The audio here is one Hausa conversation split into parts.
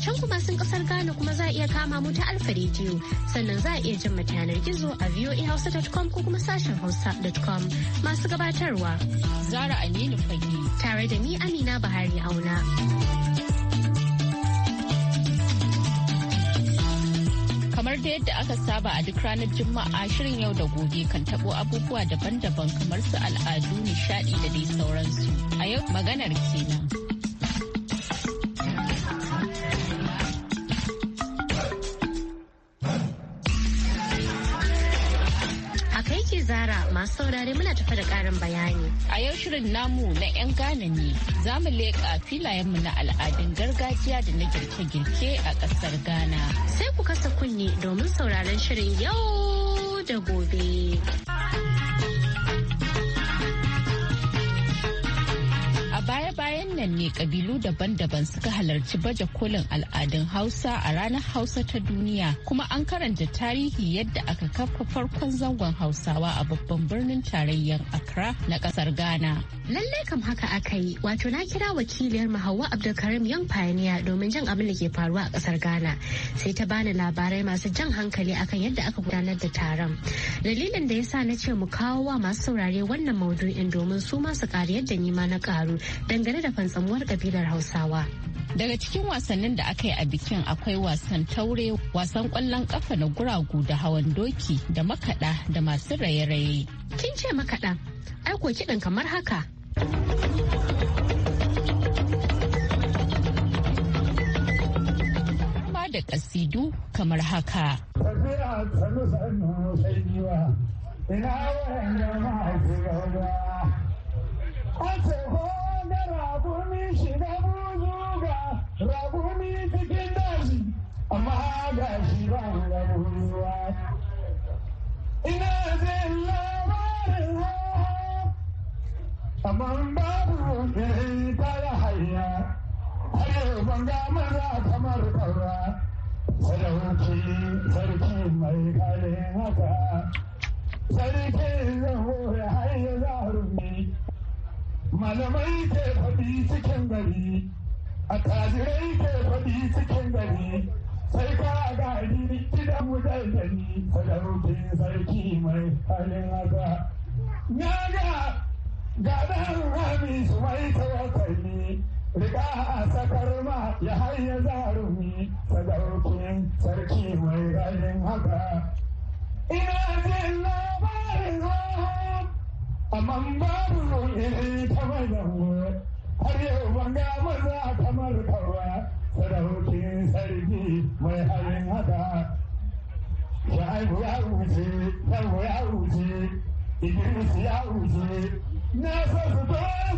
can kuma sun kasar Ghana kuma za a iya kama mu ta Alfa Radio sannan za a iya jin mu yanar gizo a voahausa.com ko kuma sashen hausa.com masu gabatarwa. Zara Aminu Fage. Tare da ni Amina Bahari Auna. kamar da yadda aka saba a duk ranar juma'a shirin yau da gobe kan tabo abubuwa daban-daban kamar su al'adu nishadi da dai sauransu a yau maganar kenan. masu saurare muna tafa da karin bayani. A yau shirin namu na 'yan Ghana ne za mu leƙa filayenmu na al'adun gargajiya da na girke-girke a ƙasar Ghana. Sai ku kasa kunne domin sauraron shirin yau da gobe. nan ne kabilu daban-daban suka halarci baje kolin al'adun Hausa a ranar Hausa ta duniya kuma an karanta tarihi yadda aka kafa farkon zangon Hausawa a babban birnin tarayyar Accra na kasar Ghana. Lallai kam haka aka yi wato na kira wakiliyar Hauwa Abdulkarim yan Pioneer domin jan abin da ke faruwa a kasar Ghana sai ta bani labarai masu jan hankali akan yadda aka gudanar da taron. Dalilin da yasa na ce mu kawo wa masu saurare wannan maudu'in domin su ma su kari yadda nima na karu dangane da tsamuwar kabilar hausawa daga cikin wasannin da aka yi a bikin akwai wasan taure wasan kwallon kafa na guragu da hawan doki da makada da masu raye-raye kin ce makada aiko kiɗan kamar haka da kasidu kamar haka. Ina raƙumi shi na buzu ga raƙumi cikin daji amma ga shi ba ga buzuwa ina zai labarin amma babu irin ta ya hanya hanyar banga maza kamar ƙaura sadauki sarki mai kalin haka sarki zan hore hanyar zarumi malamai ke faɗi cikin gari a tajirai ke faɗi cikin gari sai ka gari gidan mu daidani sadaukin sarki mai halin haka na ga gaɗan rami su mai tawakalli riga a sakar ma ya hanya zarumi sadaukin sarki mai halin haka ina jin labarin man babu in tabar da har yau ban ga maza kamar kawa sarautun mai halin haka sha'ibu ya wuce ya wuce ya wuce na sa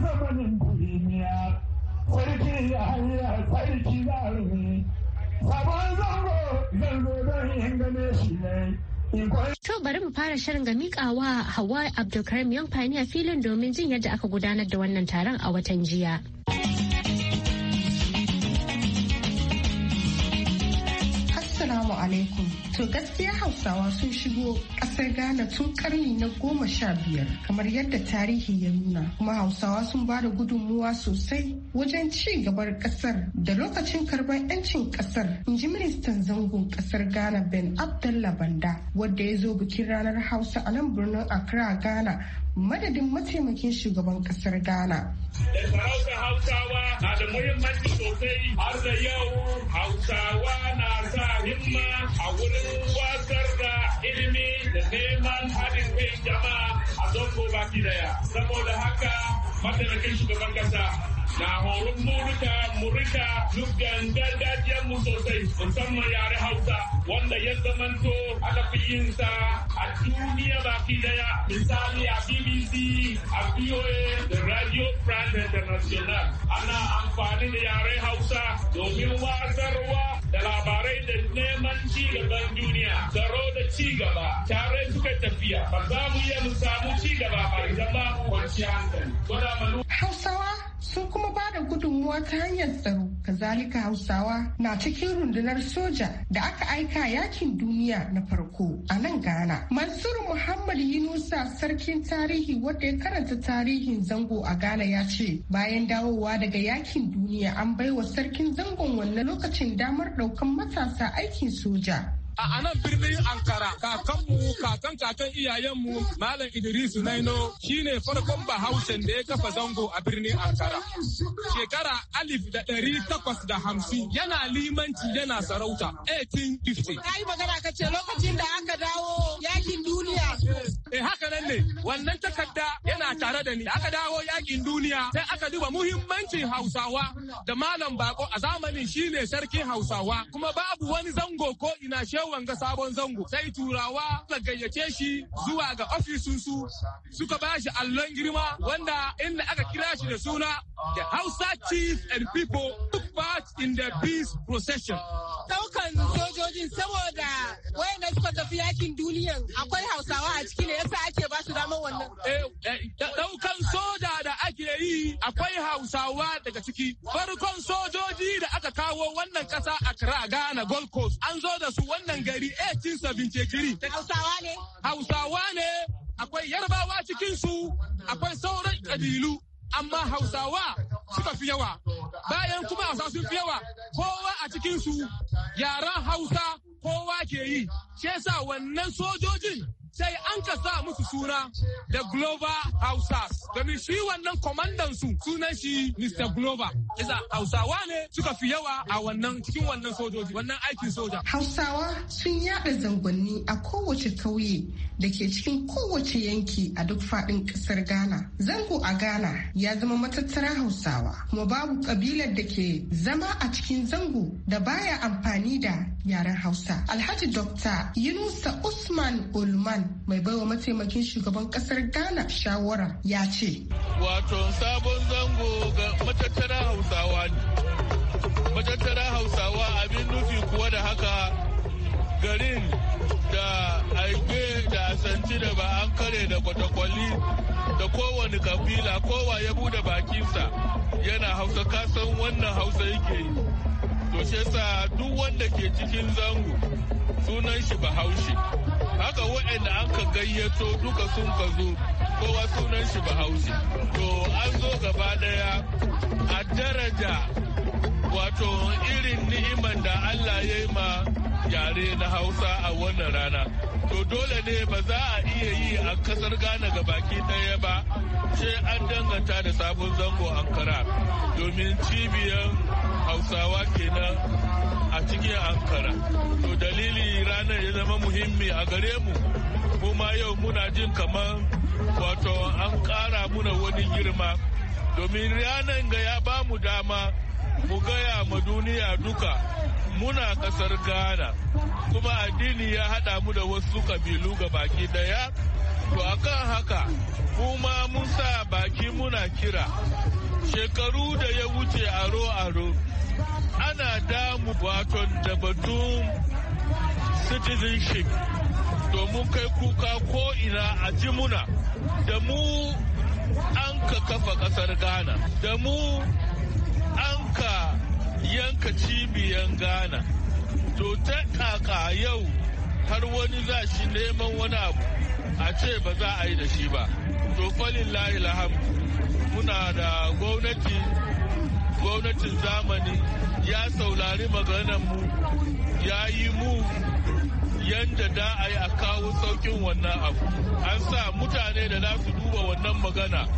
zamanin sarki a sarki zarumi sabon zango zango don yin gane shi ne To bari mu fara shirin ga mikawa Hawa Abdulkarim yan a filin domin jin yadda aka gudanar da wannan taron a watan jiya. Assalamu alaikum. To gaskiya Hausawa sun shigo ƙasar Ghana tun karni na goma sha biyar kamar yadda tarihi ya nuna. Kuma Hausawa sun ba da gudunmuwa sosai wajen ci gabar ƙasar da lokacin karɓar 'yancin ƙasar. In ji ministan zangon ƙasar Ghana Ben Abdullah Banda wadda ya zo bikin ranar Hausa a nan birnin Accra Ghana madadin mataimakin shugaban kasar Ghana. Hausawa na da muhimmanci sosai har da yau Hausawa na sa himma a wurin wasar da ilimi da neman haɗin kai jama'a a zonko baki daya saboda haka mataimakin shugaban kasa na horon murika rika mu gargajiyar mu sosai musamman yare hausa wanda ya zamanto aka fi yin sa a duniya baki daya misali a bbc a voa da radio france international ana amfani da yare hausa domin wasarwa da labarai da neman ci gaban duniya tsaro da ci gaba tare suka tafiya ba za mu iya mu samu ci gaba ba idan ba mu kwanciya hankali. Hausawa sun kuma ba da gudunmuwa ta hanyar tsaro kazalika hausawa na cikin rundunar soja da aka aika yakin duniya na farko a nan ghana mansur muhammad yunusa sarkin tarihi wanda ya karanta tarihin zango a ghana ya ce bayan dawowa daga yakin duniya an baiwa sarkin zangon wannan lokacin damar daukan matasa aikin soja a Anan birnin Ankara kakanmu kakan kakan iyayenmu Malam Idris Naino shine farkon bahaushen da ya kafa zango a birnin Ankara. Shekara alif da ɗari takwas da hamsin yana limanci yana sarauta 1850. Ka yi magana ka ce lokacin da aka dawo yakin duniya Eh haka nan ne wannan takarda yana tare da ni. Aka dawo yakin duniya sai aka duba muhimmancin Hausawa da Malam Bako a zamanin shine sarkin Hausawa kuma babu wani zango ko ina shewan ga sabon zango sai turawa suka gayyace shi zuwa ga ofisinsu suka ba shi allon girma wanda inda aka kira shi da suna the Hausa chief and people took part in the peace procession. yanzu sojojin saboda wayanda suka tafi yakin duniyan akwai hausawa a ciki ne yasa ake ba su damar wannan. Eh, eh, Daukan soja da ake yi akwai hausawa daga ciki. Farkon sojoji da aka kawo wannan kasa a Kira, Ghana Gold Coast an zo da su wannan gari 1873. Hausawa ne? Hausawa ne. Akwai yarbawa cikinsu, akwai sauran ƙabilu. amma hausawa suka fi yawa bayan kuma hausa sun fi yawa kowa a cikinsu yaran hausa kowa ke yi shi yasa wannan sojojin sai an ka sa musu suna da Glover Hausa. Domin shi wannan kwamandan su sunan shi Mr. Glover. Isa Hausawa ne suka fi yawa a wannan cikin wannan sojoji wannan aikin soja. Hausawa sun yaɗa zangonni a kowace kauye da ke cikin kowace yanki a duk faɗin ƙasar Ghana. Zango a Ghana ya zama matattara Hausawa kuma babu kabilar da ke zama a cikin zango da baya amfani da yaren Hausa. Alhaji Dr. Yunusa Usman Ulman Khan mai baiwa mataimakin shugaban kasar Ghana shawara ya ce. Wato sabon zango ga matattara Hausawa ne. Matattara Hausawa abin nufi kuwa da haka garin da aike da asanci da ba an kare da kwatakwali da kowane kabila kowa ya bude bakinsa yana hausa kasan wannan hausa yake yi. To shi duk wanda ke cikin zango sunan shi bahaushe. haka waɗanda an ka gayyato duka sun ka zo kowa sunan shi bahaushe to an zo gaba ɗaya a daraja wato irin ni'iman da allah ya yi ma yare na hausa a wannan rana to dole ne ba za a iya yi a kasar ghana ga baki ɗaya ba sai an danganta da sabon zango ankara domin cibiyar hausawa kenan a cikin ankara to dalili ranar ya zama muhimmi a gare mu kuma yau muna jin kamar wato an ƙara muna wani girma domin ranar ga ya ba mu dama mu gaya ma duniya duka muna kasar ghana kuma addini ya haɗa mu da wasu kabilu ga baki daya to akan haka kuma musa baki muna kira shekaru da ya wuce aro-aro ana damu Baton da batun citizenship domin kai kuka ko ina a ji muna da mu an ka kafa kasar ghana da mu an ka yanka cibiyan ghana to ta kaka yau har wani za shi neman wani abu a ce ba za a yi da shi ba to falin laham muna da gwamnati gwamnatin zamani ya saurari maganarmu ya yi mu yadda da a yi a kawo saukin wannan abu an sa mutane da za su duba wannan magana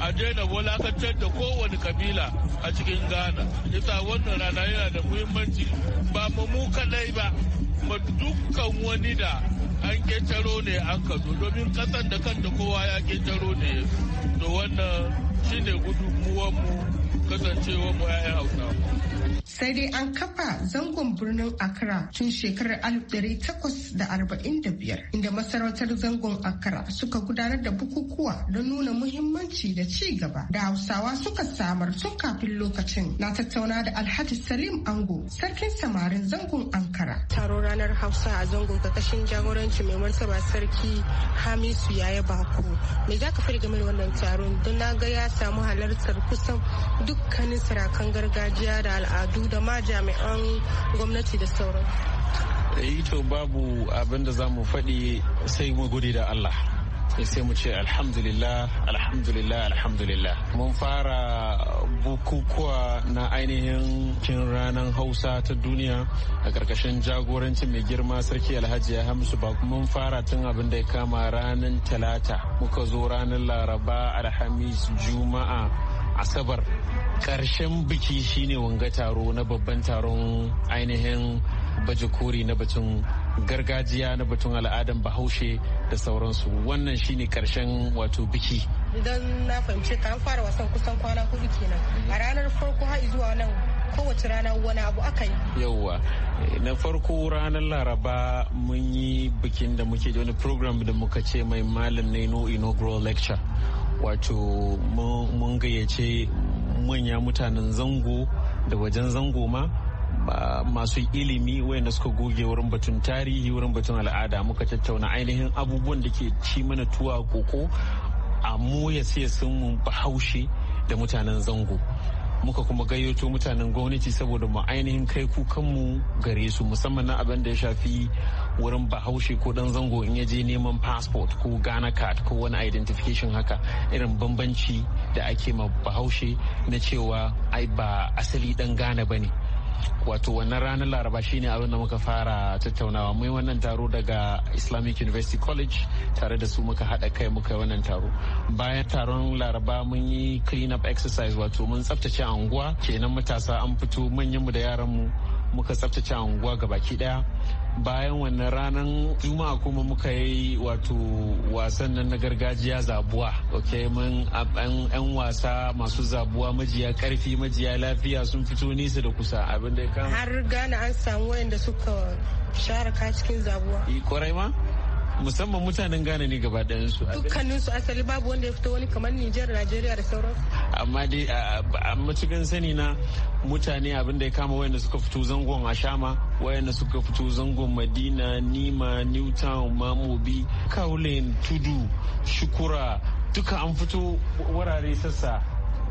a daina wulakantar da kowane kabila a cikin ghana ita wannan rana yana da muhimmanci ba mu mu kadai ba ma dukkan wani da an ketaro ne an ka domin kasan da kan da kowa ya ketaro ne to wannan shine gudunmuwanmu kasancewa mu 'ya'yan hausawa sai dai an kafa zangon birnin Accra tun shekarar 1845 inda masarautar zangon Accra suka gudanar da bukukuwa don nuna muhimmanci da ci gaba da Hausawa suka samar tun kafin lokacin. Na tattauna da Alhaji Salim Ango, sarkin samarin zangon Ankara. Taro ranar Hausa a zangon kakashin jagoranci mai martaba sarki Hamisu Yaya Bako. Me za ka fi game da wannan taron don na ga ya samu halartar kusan dukkanin sarakan gargajiya da al'adu da ma jami'an gwamnati da sauran eh, to babu abin da za mu faɗi sai mu gode da allah sai mu ce alhamdulillah alhamdulillah alhamdulillah mun fara bukukuwa na ainihin kin ranar hausa ta duniya a ƙarƙashin jagoranci mai girma sarki alhaji ya hamsu ba mun fara tun abin da ya kama ranar talata muka zo ranar laraba alhamis juma'a asabar ƙarshen biki shine wanga taro na babban taron ainihin baje kori na batun gargajiya na batun al'adan bahaushe da sauransu wannan shine karshen wato biki idan na fahimci ka fara wasan kusan kwana hudu kenan a ranar farko har zuwa nan kowace rana wani abu aka yi yauwa na farko ranar laraba mun yi bikin da muke da wani program da muka ce mai malam na ino inaugural lecture wato mun gayyace manya mutanen zango da wajen zango ma masu ilimi wayanda suka goge wurin batun tarihi wurin batun al'ada muka tattauna ainihin abubuwan da ke ci mana tuwa koko a mu ya siya sun bahaushe da mutanen zango muka kuma gayyato mutanen gwamnati saboda mu ainihin kai kukanmu gare su musamman na abin da ya shafi wurin bahaushe ko dan zango in ya je neman passport ko ghana card ko wani identification haka irin bambanci da ake ma bahaushe na cewa ai ba asali dan ghana ba ne wato wannan ranar laraba shine abin da muka fara tattaunawa mai wannan taro daga islamic university college tare da su muka haɗa kai muka wannan taro bayan taron laraba mun yi clean up exercise wato mun tsaftace anguwa kenan matasa an fito manyanmu da yaranmu muka tsaftace anguwa gabaki daya bayan wannan ranar juma'a kuma muka yi wato wasan nan na gargajiya zabuwa ok mun yan wasa masu zabuwa majiya karfi majiya lafiya sun fito nesa da kusa abin da ya kama har gane an samu wayanda suka share sharaka cikin zabuwa kwarai eh, ma musamman mutanen Ghana ne gaba ɗayan su. Dukkanin su asali babu wanda ya fito wani kamar Nijar, Najeriya da sauransu. Amma dai a matukan sani na mutane abin da ya kama wayanda suka fito zangon Ashama, wayanda suka fito zangon Madina, Nima, Newtown, Mamobi, Kaulin, Tudu, Shukura, duka an fito wurare sassa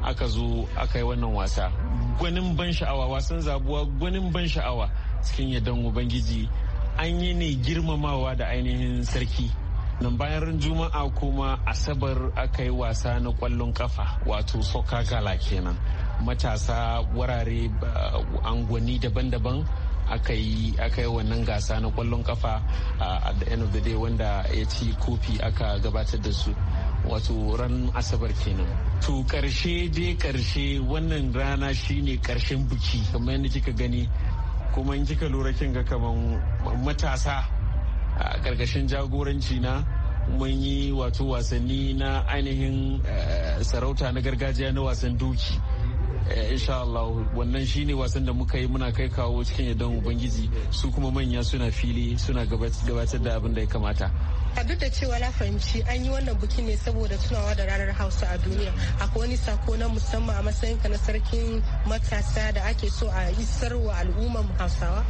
aka zo aka yi wannan wasa. Gwanin ban sha'awa, wasan zabuwa gwanin ban sha'awa cikin yadda Ubangiji. an yi ne girmamawa da ainihin sarki nan bayan juma'a kuma asabar aka yi wasa na kwallon kafa wato soka gala kenan matasa wurare uh, angwani daban-daban aka yi wannan gasa na kwallon kafa uh, a the end of the day wanda ya ci kofi aka gabatar da su wato ran asabar kenan to karshe dai karshe wannan rana shine karshen buki kamar yadda kika gani kuma in kika lura kin ga kaman matasa a karkashin jagoranci na mun yi wato wasanni na ainihin eh, sarauta na gargajiya na wasan duki eh, insha Allah wannan shine wasan da muka yi muna kai kawo cikin idan ubangiji su kuma manya suna fili suna gabatar da abin da ya kamata a duk da cewa na fahimci an yi wannan bikin ne saboda tunawa da ranar hausa a duniya akwai wani sako na musamman a matsayinka na sarkin matasa da ake so a isar wa al'ummar hausawa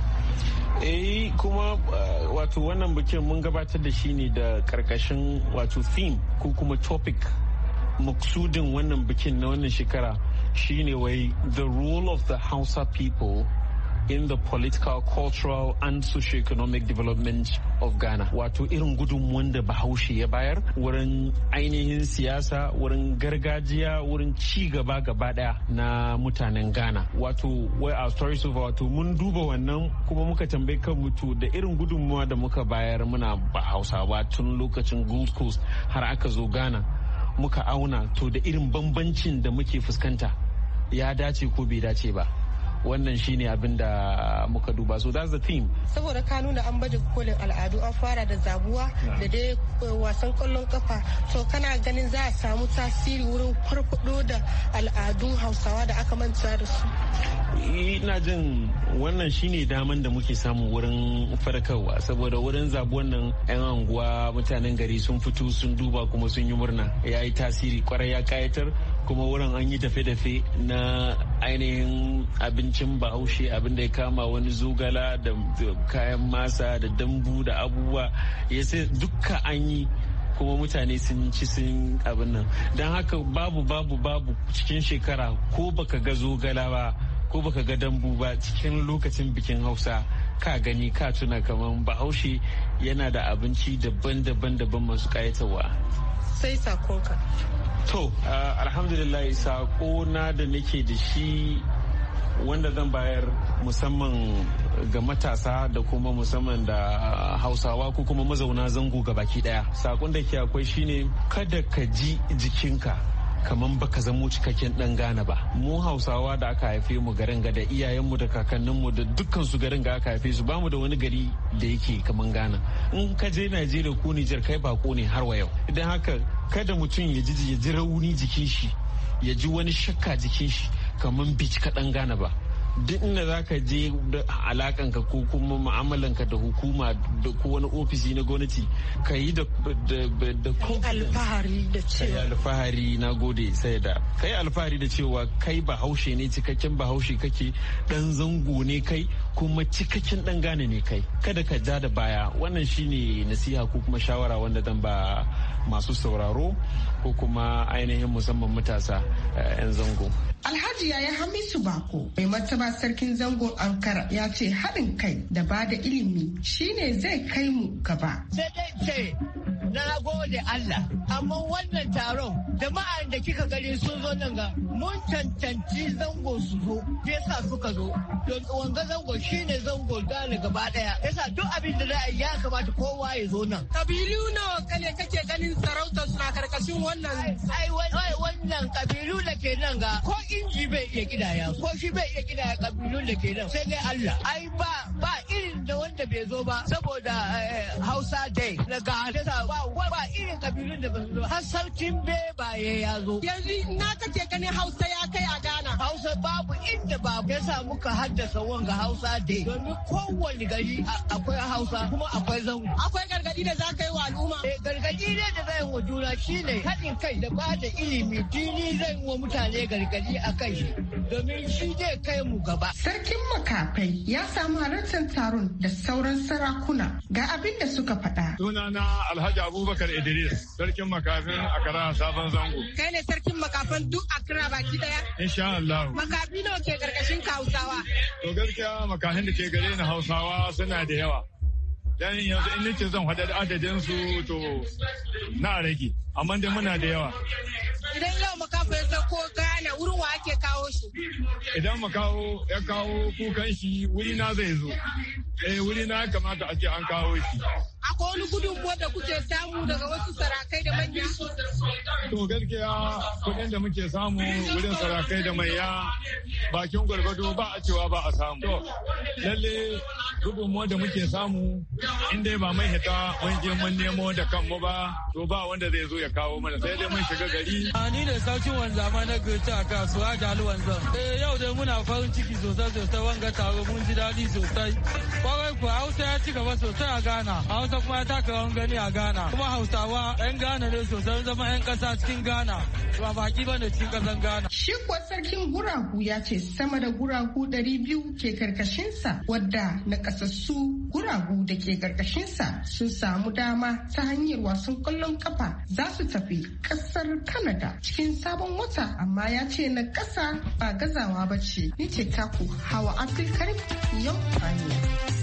eh kuma eh, wato wannan bikin mun gabatar da shi ne da karkashin wato theme ko kuma topic maksudin wannan bikin na wannan shekara shine wai the role of the hausa people in the political, cultural and socio-economic development of Ghana. Wato irin gudunmuwan da Bahaushe ya bayar wurin ainihin siyasa, wurin gargajiya, wurin ci gaba gaba daya na mutanen Ghana. Wato wai our stories of wato mun duba wannan kuma muka tambayi kanmu to da irin gudunmuwa da muka bayar muna ba tun lokacin Gold Coast har aka zo Ghana. Muka auna to da irin bambancin da muke fuskanta ya dace ko bai dace ba. wannan shine abin da muka duba so that's the theme saboda ka nuna an baje kolin al'adu an fara da zabuwa da dai eh, wasan kwallon kafa to kana ganin za a samu tasiri wurin farfado da al'adu hausawa da aka manta da su ina jin wannan shine daman da muke samu wurin farkarwa saboda wurin zabuwan nan 'yan anguwa mutanen gari sun fito sun duba kuma sun yi murna ya yi tasiri kwarai ya kayatar kuma wurin an yi dafe-dafe na ainihin abincin bahaushe abin da ya kama wani zogala da kayan masa da dambu da abubuwa ya sai dukka an yi kuma mutane sun ci sun abin nan don haka babu babu babu cikin shekara ko baka ga zogala ba ko baka ga dambu ba cikin lokacin bikin hausa ka gani ka tuna kamar bahaushe yana da abinci daban-daban daban masu kayatarwa sai sakonka to alhamdulillah sako na da nake da shi wanda zan bayar musamman ga matasa da kuma musamman da hausawa ko kuma mazauna zango ga baki daya sakon da ke akwai shine kada ka ji jikinka kamar baka zamo cikakken dan Ghana ba mu Hausawa da aka haife mu garin ga da iyayenmu da kakanninmu da dukkan su garin ga aka haife su bamu da wani gari da yake kamar Ghana in ka je Najeriya ko Nijar kai bako ne har wa yau idan haka kada mutum ya ji rauni jikin shi ya ji wani shakka jikin shi kamar bici kaɗan Ghana ba duk inda za ka je da alakanka ko kuma ma'amalanka da hukuma da ko wani ofisi na gwamnati ka yi da alfahari da cewa alfahari na gode sai da kai alfahari da cewa kai bahaushe ne cikakken bahaushe kake dan zango ne kai kuma cikakken dan gane ne kai kada ka ja da baya wannan shine nasiha ko kuma shawara wanda zan ba masu sauraro ko kuma ainihin musamman matasa 'yan eh, zango alhaji yaya hamisu bako mai martaba sarkin zango ankara ya ce haɗin kai da ba da ilimi shine zai kai mu gaba sai dai na gode Allah amma wannan taron jama'ar da kika gani sun zo nan ga mun cancanci zango su zo ke sa suka zo don wanga zango shine zango gane gaba daya yasa duk abin da za a ya kamata kowa ya zo nan kabilu nawa kane kake ganin sarautar suna karkashin wannan ai wai wannan kabilu da ke nan ga ko inji bai iya kidaya ko shi bai iya kidaya kabilun da ke nan sai dai Allah ai ba ba irin da wanda bai zo ba saboda eh, Hausa Day daga ba ba irin kabilun da ba su zo har sarkin bebaye ya zo yanzu na kake ganin hausa ya kai a gana hausa babu inda babu ya sa muka haddasa wanga hausa de? domin kowane gari akwai hausa kuma akwai zango akwai gargadi da za ka yi wa al'umma eh gargadi ne da zai wa juna shine haɗin kai da ba da ilimi dini zai wa mutane gargadi a kai domin shi zai kai mu gaba sarkin makafai ya samu halartar taron da sauran sarakuna ga abin da suka faɗa sunana alhaji Abubakar Idris, sarkin makafin Akara Sabon Zango. Kai ne sarkin makafan duk Akara baki daya? Insha Allah. Makafi nawa ke karkashin ka Hausawa? To gaskiya makafin da ke gare ni Hausawa suna da yawa. Dan yanzu in nake zan hada adadin su to na rage, amma dai muna da yawa. Idan yau makaho ya ko gane wurin wa ake kawo shi? Idan mu kawo ya kawo kukan shi wuri na zai zo. Eh wuri na kamata a ce an kawo shi. Akwai wani gudunmuwa da kuke samu daga wasu sarakai da manya? To gaskiya kuɗin da muke samu wurin sarakai da manya bakin gwargwado ba a cewa ba a samu. Lalle gudunmuwa da muke samu in dai ba mai hita mun je mun nemo da kanmu ba to ba wanda zai zo ya kawo mana sai dai mun shiga gari. A ni ne sarkin wanzama na Gauta a kasuwa da wanzan. Eh yau dai muna farin ciki sosai sosai wanga taro mun ji daɗi sosai. Kwarai kuwa Hausa ya ci gaba sosai a Ghana. Hausa kuma ya taka wani gani a Ghana. Kuma Hausawa 'yan Ghana ne sosai zama 'yan ƙasa cikin Ghana. Ba baki ba ne cikin ƙasan Ghana. Shi kuwa sarkin guragu ya ce sama da guragu ɗari biyu ke karkashinsa wadda na ƙasassu guragu da ke ƙarƙashinsa sun samu dama ta hanyar wasan ƙwallon kafa za su tafi ƙasar Canada cikin sabon wata amma ya ce na ƙasa ba gazawa ba ce. Ni ce taku Hawa Abdulkarim yau Faniya.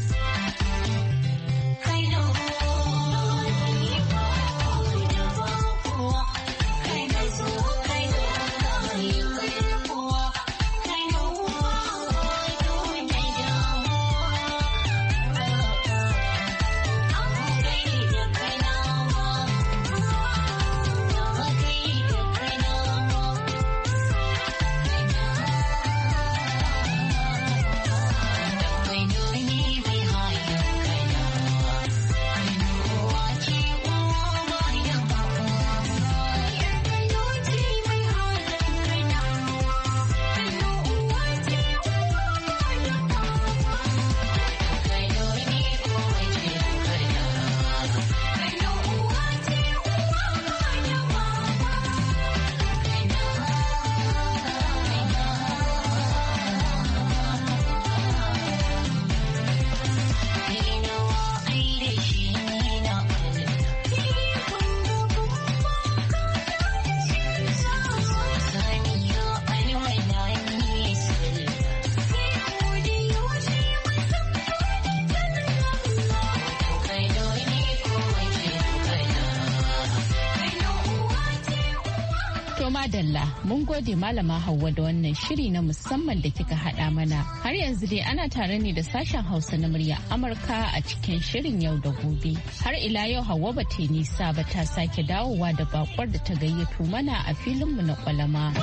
Madalla mun gode malama Hauwa da wannan shiri na musamman da kika haɗa mana. Har yanzu dai ana tare ne da sashen Hausa na murya Amurka a cikin shirin yau da gobe. Har ila yau Hauwa ba ta nisa ba ta sake dawowa da bakwar da ta gayyato mana a filinmu na kwalama.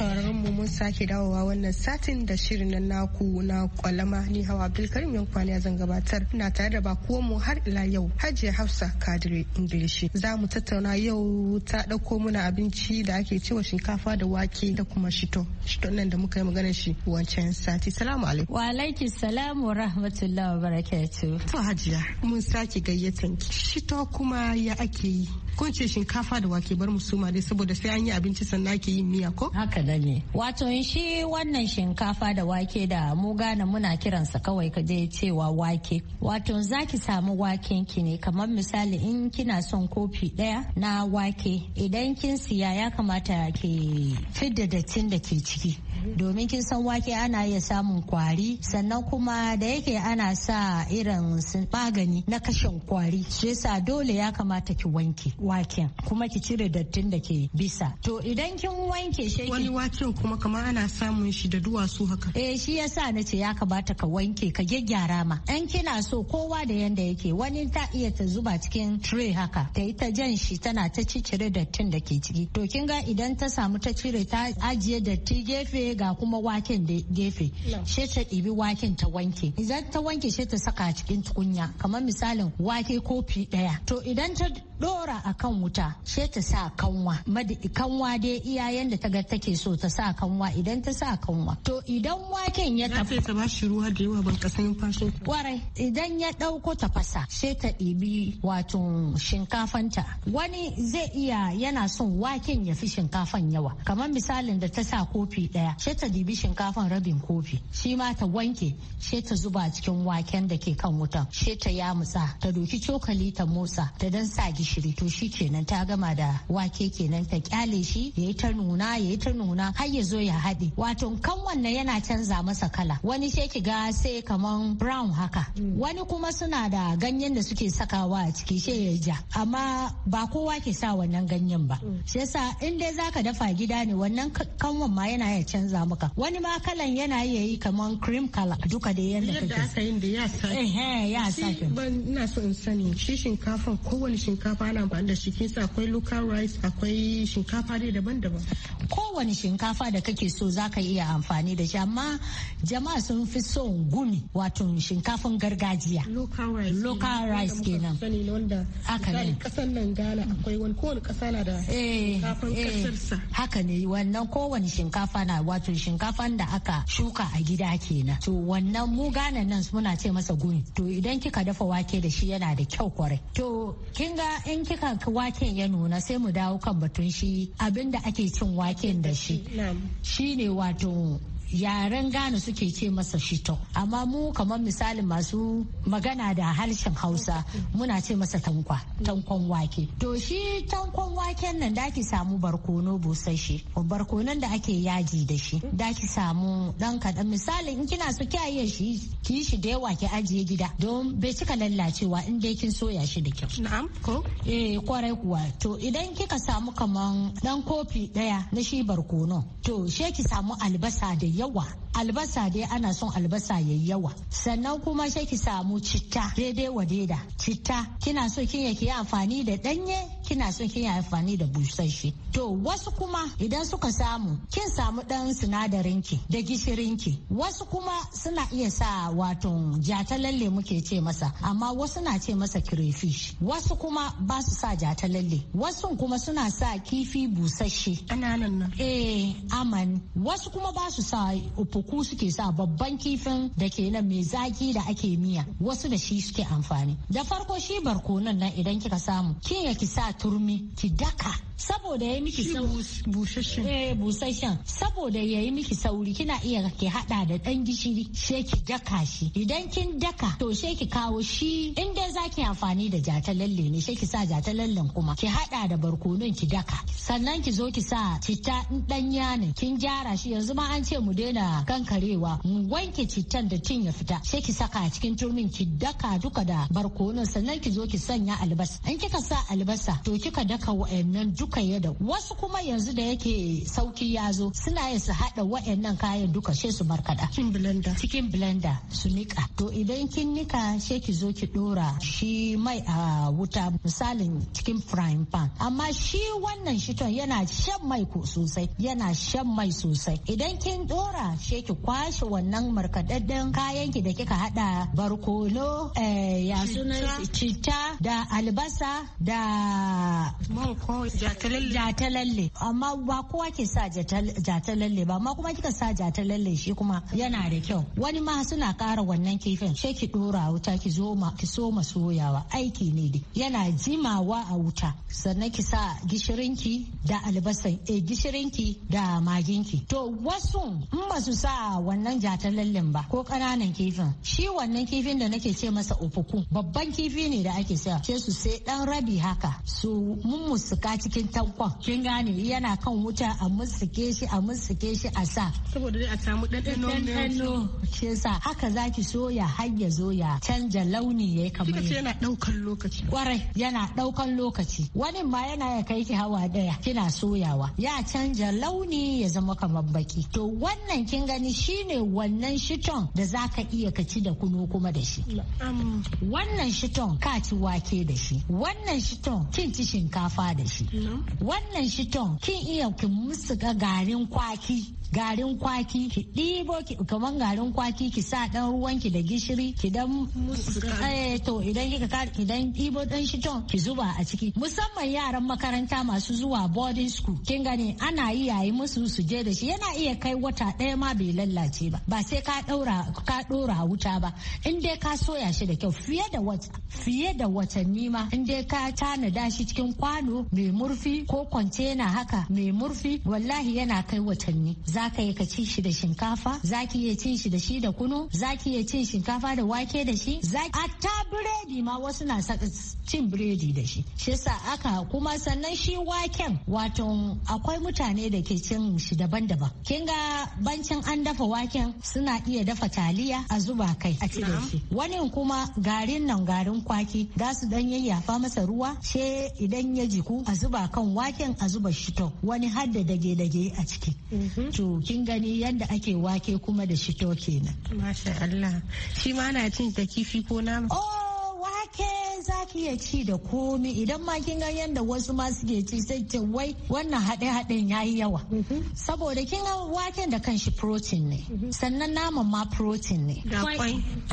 sauraron mu mun sake dawowa wannan satin da shirin nan naku na kwalama ni hawa Abdulkarim Yankwani zan gabatar na tare da bakuwan mu har ila yau Hajiya Hafsa Kadiri Ingilishi za mu tattauna yau ta dauko muna abinci da ake cewa shinkafa da wake da kuma shito shito nan da muka yi magana shi wancan sati salamu alaikum wa alaikum salamu wa rahmatullahi wa barakatuh to Hajiya mun sake gayyatan ki shito kuma ya ake yi ko ce shinkafa da wake bar musuma dai saboda sai an yi abinci sannan ake yin miya ko haka da ne wato shi wannan shinkafa da wake da mu gane muna kiransa kawai ka je cewa wake wato zaki samu waken ki ne kamar misali in kina son kofi daya na wake idan kin siya ya kamata ki fidda dattin da ke ciki domin kin san wake ana iya samun kwari sannan kuma da yake ana sa irin magani na kashin kwari shi yasa dole ya kamata ki wanke waken kuma ki cire dattin da ke bisa to idan kin wanke shi wani waken kuma kamar ana samun shi da duwatsu haka eh shi yasa na ce ya kamata ka wanke ka gyaggyara ma dan kina so kowa da yanda yake wani ta iya ta zuba cikin tray haka ta yi ta jan shi tana ta cire dattin da ke ciki to kin ga idan ta samu ta cire ta ajiye datti gefe ga kuma waken da gefe she ta ɗibi waken ta wanke idan ta wanke she ta saka cikin tukunya kamar misalin wake kofi ɗaya to idan ta dora a kan wuta she ta sa kanwa madi kanwa dai iyayen da ta ga take so ta sa kanwa idan ta sa kanwa to idan waken ya tafi ta ba shi ruwa da yawa ban kasan fashin kwarai idan ya dauko fasa she ta ɗibi wato shinkafanta wani zai iya yana son waken ya fi shinkafan yawa kamar misalin da ta sa kofi daya sai ta dibi shinkafan rabin kofi shi ma ta wanke sai ta zuba cikin waken da ke kan wutan sai ta yamutsa ta doki cokali ta motsa ta dan sa gishiri to shi kenan ta gama da wake kenan ta kyale shi yayi ta nuna yayi ta nuna har ya zo ya haɗe wato kan wannan yana canza masa kala wani sai ki ga sai kaman brown haka wani kuma suna da ganyen da suke sakawa a ciki sai ya ja amma ba kowa ke sa wannan ganyen ba mm. shi yasa in dai zaka dafa gida ne wannan kanwan ma yana ya canza canza maka wani ma kalan yana iya yi kaman cream kala duka da yadda kake yadda aka yin da ya sake eh ya sake ban ina so in sani shi shinkafa kowane shinkafa ana amfani da shi kinsa akwai local rice akwai shinkafa dai daban-daban kowane shinkafa da kake so zaka iya amfani da shi amma jama'a sun fi son gumi wato shinkafan gargajiya local rice local rice kenan sani wanda haka ne kasan nan Ghana akwai wani kowane kasa na da eh, shinkafan kasarsa eh. haka ne wannan kowane shinkafa na wato shinkafan da aka shuka a gida kenan to wannan mu gane nan muna ce masa guni to idan kika dafa wake da shi yana da kyau kwarai to kin ga in kika waken ya nuna sai mu dawo kan batun shi abinda ake cin waken da shi shine wato yaren Ghana suke ce masa shito amma mu kamar misali masu magana da harshen Hausa muna ce masa tankwa tankon wake to shi tankon waken nan da ki samu barkono busasshe barkonon da ake yaji da shi da ki samu dan kadan misalin in kina so kiyaye shi ki shi da yawa ki ajiye gida don bai cika lallacewa in dai kin soya shi da kyau na'am ko eh kwarai kuwa to idan kika samu kaman dan kofi daya na shi barkono to she ki samu albasa da yawa albasa dai ana son albasa yayi yawa sannan kuma sai samu citta daidai wa daida citta kina so kin yake amfani da danye kina son kin yi amfani da busasshe to wasu kuma idan suka samu kin samu dan sinadarin ki da gishirin ki wasu kuma suna iya sa wato jatalalle muke ce masa amma wasu na ce masa crayfish wasu kuma ba su sa jatalalle wasu kuma suna sa kifi busasshe kananan nan eh aman wasu kuma ba su sa upuku suke sa babban kifin da ke nan mai zaki da ake miya wasu da shi suke amfani da farko shi barkonon nan idan kika samu kin ya ki sa turmi ki daka saboda ya miki eh, busasshen saboda ya yi miki sauri kina iya ki hada da dan gishiri she ki daka shi idan kin daka to she ki kawo shi in dai zaki amfani da jata lalle ne she ki sa jatalallen kuma ki hada da barkonon ki daka sannan ki zo ki sa citta dan yana kin gyara shi yanzu ma an ce mu daina kankarewa mu wanke cittan da tin ya fita she ki saka a cikin turmin ki daka duka da barkonon sannan ki zo ki sanya albasa in kika sa albasa to kika daka wa'annan duka ya da wasu kuma yanzu da yake sauki ya zo suna yin su haɗa wa'annan kayan duka she su markaɗa. Cikin blender. Cikin blender su nika. To idan kin nika she ki zo ki ɗora shi mai a wuta misalin cikin frying pan. Amma shi wannan shiton yana shan mai ko sosai yana shan mai sosai. Idan kin ɗora she ki kwashe wannan markaɗaɗɗen kayan ki da kika haɗa barkono eh, ya suna citta da albasa da jatalalle amma ba kowa ke sa jatalalle ba amma kuma kika sa jatalalle shi kuma yana da kyau wani ma suna kara wannan kifin sai ki dora wuta ki zo ma ki so ma soyawa aiki ne dai yana jimawa a wuta sannan ki sa gishirinki da albasan eh gishirinki da magin ki to wasu in ba su sa wannan jatalallen ba ko kananan kifin shi wannan kifin da nake ce masa ofuku babban kifi ne da ake sa ke su sai dan rabi haka su musuka cikin tankon kin gane yana kan wuta a musuke shi a musuke shi a sa saboda dai a samu ɗanɗano shi yasa haka zaki soya har ya zo ya canja launi yi kamar yana ɗaukan lokaci kwarai yana ɗaukan lokaci wani ma yana ya kai ki hawa daya kina soyawa ya canja launi ya zama kamar baki to wannan kin gani shine wannan shiton da zaka iya ka ci da kuno kuma da shi wannan shiton ka ci wake da shi wannan shiton kin ci shinkafa da shi. Wannan shiton kin iya ki musu garin kwaki garin kwaki ki ɗibo kamar garin kwaki ki sa ɗan ruwan ki da gishiri ki dan eh, to idan kika idan ɗibo ɗan shi ton ki zuba a ciki musamman yaran makaranta masu zuwa boarding school kin gani ana yi yayi musu su je da shi yana iya kai wata ɗaya ma bai lallace ba ba sai ka ɗaura ka ɗora wuta ba in dai ka soya shi da kyau fiye da wata fiye da watanni ma in dai ka tanada shi cikin kwano mai murfi ko kwantena haka mai murfi wallahi yana kai watanni za ka yi ka cin shi da shinkafa za ki iya cin shi da shi da kunu zaki ki iya cin shinkafa da wake da shi zaki. a ta biredi ma wasu na cin biredi da shi shi sa aka kuma sannan shi waken wato akwai mutane da ke cin shi daban-daban kin ga bancin an dafa waken suna iya dafa taliya a zuba kai a ci da shi wani kuma garin nan garin kwaki za su dan yayyafa masa ruwa she idan ya jiku a zuba kan waken a zuba shito wani har da dage-dage a ciki mhm. to kin gani yadda ake wake kuma da shito kenan masha Allah shi ma na cin da kifi ko nama oh wake ki iya ci da komi idan ma kin gan yadda wasu ma suke ci sai ce wai wannan haɗe haɗen yi yawa mm-hmm. saboda kin ga waken da kanshi protein ne mm-hmm. sannan naman ma protein ne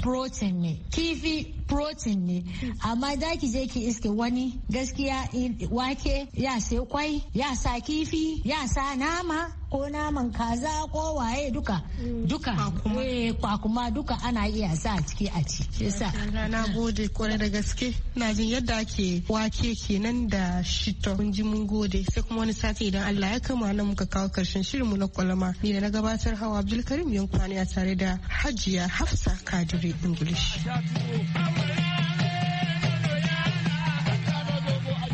protein ne kifi protein ne amma za ki je ki iske wani gaskiya wake ya sai kwai ya sa kifi ya sa nama ko naman kaza ko waye duka mm. duka eh, kwakuma duka ana iya sa a ciki a ci yasa na gode kwarai da gaske na jin yadda ake wake kenan da shito kun ji mun gode sai kuma wani sati idan Allah ya kama nan muka kawo karshen shirinmu na kwalama ni da na gabatar hawa Abdulkarim Yankwani a tare da Hajiya Hafsa Kadiri Ingilishi.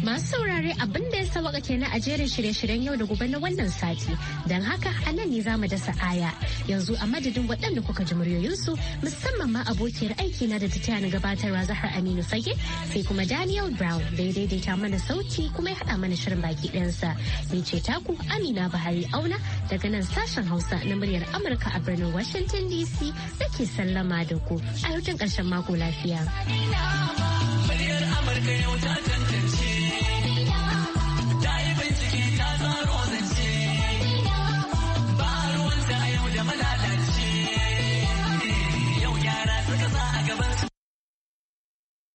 Masu saurare abin da ya sabaka kenan a jerin shirye-shiryen yau da gobe na wannan sati. Don haka a nan ne za mu dasa aya. Yanzu a madadin waɗanda kuka ji muryoyinsu musamman ma abokiyar aiki na da ta taya na gabatarwa Zahar Aminu Fage sai kuma Daniel Brown da ya daidaita mana sauti kuma ya haɗa mana shirin baki ɗansa. Ni ce taku Amina Bahari Auna daga nan sashen Hausa na muryar Amurka a birnin Washington DC da ke sallama da ku a hutun ƙarshen mako lafiya. Amurka yau ta